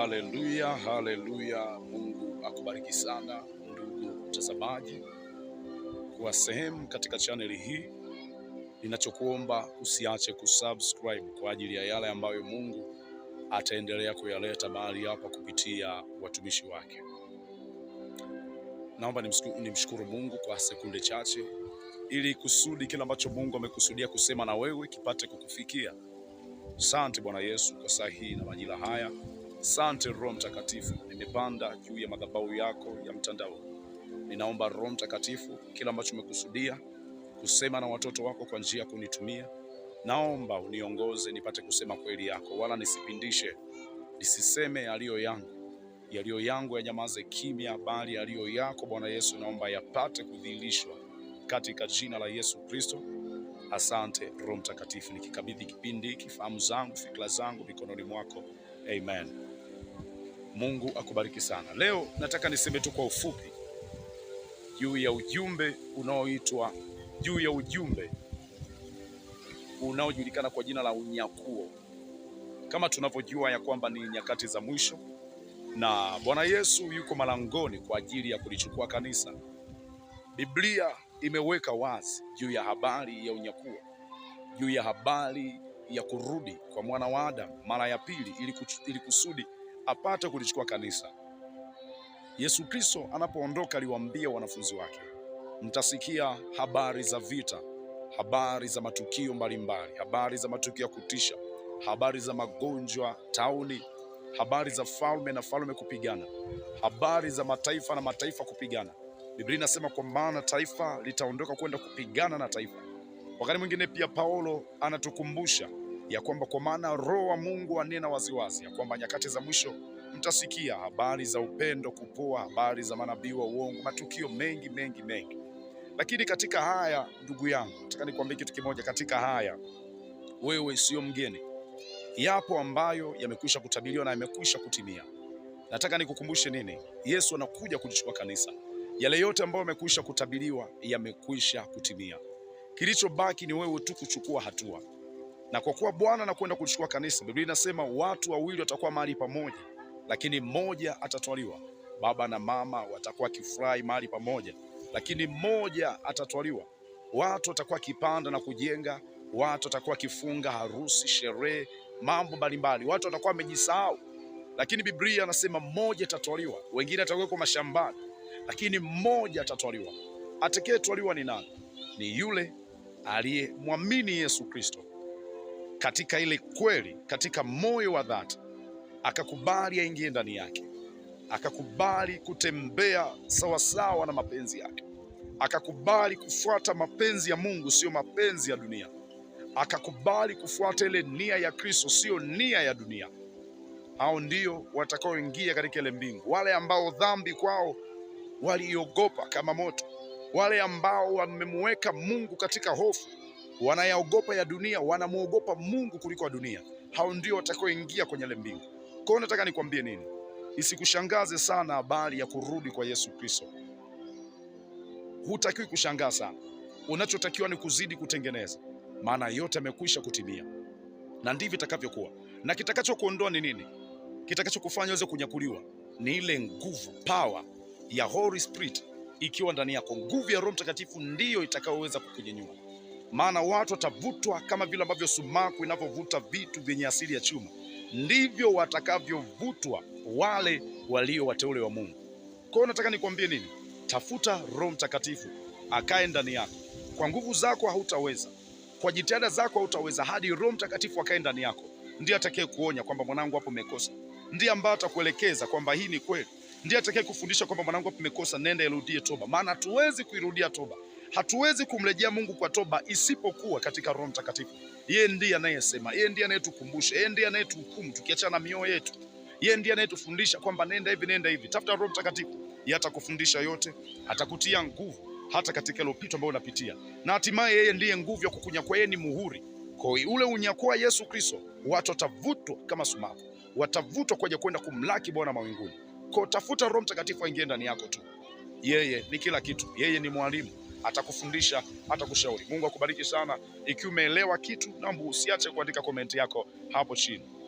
Haleluya, haleluya. Mungu akubariki sana ndugu mtazamaji, kwa sehemu katika chaneli hii. Ninachokuomba usiache kusubscribe kwa ajili ya yale ambayo Mungu ataendelea kuyaleta mahali hapa kupitia watumishi wake. Naomba nimshukuru Mungu kwa sekunde chache, ili kusudi kile ambacho Mungu amekusudia kusema na wewe kipate kukufikia. Asante Bwana Yesu kwa saa hii na majira haya. Sante Roho Mtakatifu, nimepanda juu ya madhabahu yako ya mtandao. Ninaomba Roho Mtakatifu, kila ambacho umekusudia kusema na watoto wako kwa njia ya kunitumia, naomba uniongoze nipate kusema kweli yako, wala nisipindishe, nisiseme yaliyo yangu. Yaliyo yangu yanyamaze kimya, bali yaliyo yako Bwana Yesu naomba yapate kudhihirishwa katika jina la Yesu Kristo. Asante Roho Mtakatifu, nikikabidhi kipindi hiki, fahamu zangu, fikra zangu mikononi mwako. Amen. Mungu akubariki sana. Leo nataka niseme tu kwa ufupi juu ya ujumbe unaoitwa juu ya ujumbe unaojulikana kwa jina la unyakuo. Kama tunavyojua ya kwamba ni nyakati za mwisho na Bwana Yesu yuko malangoni kwa ajili ya kulichukua kanisa. Biblia imeweka wazi juu ya habari ya unyakuo, juu ya habari ya kurudi kwa mwana wa Adamu mara ya pili ili, ili kusudi apate kulichukua kanisa. Yesu Kristo anapoondoka aliwaambia wanafunzi wake, mtasikia habari za vita, habari za matukio mbalimbali, habari za matukio ya kutisha, habari za magonjwa tauni, habari za falme na falme kupigana, habari za mataifa na mataifa kupigana. Biblia inasema kwa maana taifa litaondoka kwenda kupigana na taifa Wakati mwingine pia Paulo anatukumbusha ya kwamba kwa maana Roho wa Mungu anena waziwazi ya kwamba nyakati za mwisho mtasikia habari za upendo kupoa, habari za manabii wa uongo, matukio mengi mengi mengi. Lakini katika haya, ndugu yangu, nataka nikwambie kitu kimoja. Katika haya wewe sio mgeni, yapo ambayo yamekwisha kutabiriwa na yamekwisha kutimia. Nataka nikukumbushe nini? Yesu anakuja kulichukua kanisa. Yale yote ambayo yamekwisha kutabiriwa yamekwisha kutimia. Kilichobaki ni wewe tu kuchukua hatua, na kwa kuwa Bwana anakwenda kuchukua kanisa, Biblia inasema watu wawili watakuwa mahali pamoja, lakini mmoja atatwaliwa. Baba na mama watakuwa kifurahi mahali pamoja, lakini mmoja atatwaliwa. Watu watakuwa kipanda na kujenga, watu watakuwa kifunga harusi, sherehe, mambo mbalimbali, watu watakuwa wamejisahau, lakini Biblia anasema mmoja atatwaliwa. Wengine watakuwa mashambani, lakini mmoja atatwaliwa. Atakayetwaliwa ni nani? Ni yule aliyemwamini Yesu Kristo katika ile kweli, katika moyo wa dhati, akakubali aingie ndani yake, akakubali kutembea sawasawa na mapenzi yake, akakubali kufuata mapenzi ya Mungu, siyo mapenzi ya dunia, akakubali kufuata ile nia ya Kristo, siyo nia ya dunia. Hao ndio watakaoingia katika ile mbingu, wale ambao dhambi kwao waliogopa kama moto wale ambao wamemweka Mungu katika hofu, wanayaogopa ya dunia, wanamwogopa Mungu kuliko wa dunia, hao ndio watakaoingia kwenye ile mbingu. Kwa hiyo nataka nikwambie nini, isikushangaze sana habari ya kurudi kwa Yesu Kristo. Hutakiwi kushangaa sana, unachotakiwa ni kuzidi kutengeneza, maana yote amekwisha kutimia, na ndivyo itakavyokuwa. Na kitakachokuondoa ni nini? Kitakachokufanya uweze kunyakuliwa ni ile nguvu, power ya Holy Spirit ikiwa ndani yako. Nguvu ya Roho Mtakatifu ndiyo itakayoweza kukunyanyua, maana watu watavutwa kama vile ambavyo sumaku inavyovuta vitu vyenye asili ya chuma, ndivyo watakavyovutwa wale walio wateule wa Mungu. Kwa hiyo nataka nikwambie nini? Tafuta Roho Mtakatifu akae ndani yako. Kwa nguvu zako hautaweza, kwa jitihada zako hautaweza, hadi Roho Mtakatifu akae ndani yako. Ndiye atakaye kuonya kwamba mwanangu, hapo umekosa. Ndiye ambaye atakuelekeza kwamba hii ni kweli ndiye atakaye kufundisha kwamba mwanangu, umekosa, nenda irudie toba. Maana hatuwezi kuirudia toba, hatuwezi kumrejea Mungu kwa toba isipokuwa katika Roho Mtakatifu. Yeye ndiye anayesema, yeye ndiye anayetukumbusha, yeye ndiye anayetuhukumu tukiachana na mioyo yetu, yeye ndiye anayetufundisha kwamba nenda hivi, nenda hivi. Tafuta Roho Mtakatifu, yeye atakufundisha yote, atakutia nguvu hata katika ile upito ambao unapitia, na hatimaye yeye ndiye nguvu ya kukunyakua. Yeye ni muhuri kwa ule unyakua Yesu Kristo, watu watavutwa kama sumaku, watavutwa kwaja kwenda kumlaki Bwana mawinguni. Kwa tafuta Roho Mtakatifu aingie ndani yako tu. Yeye ni kila kitu, yeye ni mwalimu, atakufundisha, atakushauri. Mungu akubariki sana. Ikiwa umeelewa kitu, naomba usiache kuandika komenti yako hapo chini.